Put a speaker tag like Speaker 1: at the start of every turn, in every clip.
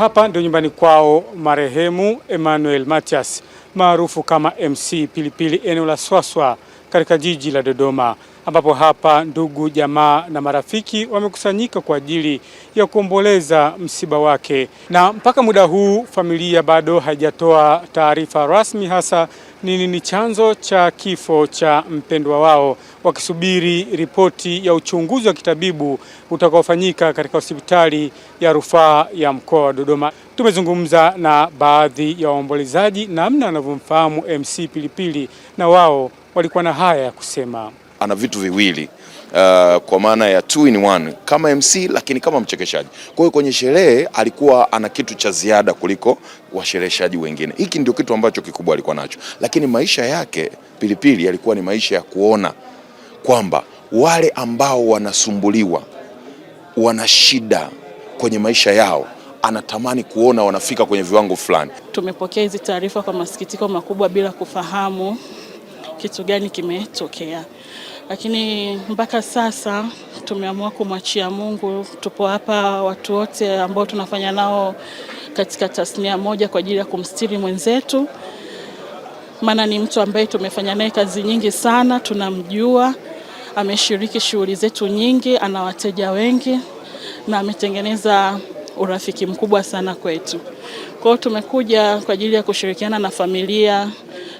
Speaker 1: Hapa ndio nyumbani kwao marehemu Emmanuel Matias maarufu kama MC Pilipili eneo la Swaswa katika jiji la Dodoma, ambapo hapa ndugu jamaa na marafiki wamekusanyika kwa ajili ya kuomboleza msiba wake, na mpaka muda huu familia bado haijatoa taarifa rasmi hasa nini ni chanzo cha kifo cha mpendwa wao, wakisubiri ripoti ya uchunguzi wa kitabibu utakaofanyika katika hospitali ya rufaa ya mkoa wa Dodoma. Tumezungumza na baadhi ya waombolezaji namna wanavyomfahamu MC Pilipili na wao walikuwa na haya ya kusema.
Speaker 2: Ana vitu viwili uh, kwa maana ya two in one kama MC lakini kama mchekeshaji. Kwa hiyo kwenye sherehe alikuwa ana kitu cha ziada kuliko washereheshaji wengine. Hiki ndio kitu ambacho kikubwa alikuwa nacho, lakini maisha yake Pilipili yalikuwa ni maisha ya kuona kwamba wale ambao wanasumbuliwa, wana shida kwenye maisha yao anatamani kuona wanafika kwenye viwango fulani.
Speaker 3: Tumepokea hizi taarifa kwa masikitiko makubwa bila kufahamu kitu gani kimetokea, lakini mpaka sasa tumeamua kumwachia Mungu. Tupo hapa watu wote ambao tunafanya nao katika tasnia moja kwa ajili ya kumstiri mwenzetu, maana ni mtu ambaye tumefanya naye kazi nyingi sana, tunamjua, ameshiriki shughuli zetu nyingi, ana wateja wengi na ametengeneza urafiki mkubwa sana kwetu. Kwa hiyo tumekuja kwa ajili ya kushirikiana na familia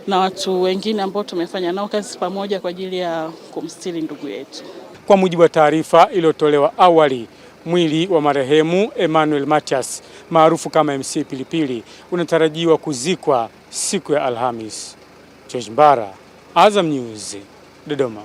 Speaker 3: na watu wengine ambao tumefanya nao kazi pamoja kwa ajili ya kumstiri ndugu yetu.
Speaker 1: Kwa mujibu wa taarifa iliyotolewa awali, mwili wa marehemu Emmanuel Matias maarufu kama MC Pilipili unatarajiwa kuzikwa siku ya Alhamis. George Mbara, Azam News, Dodoma.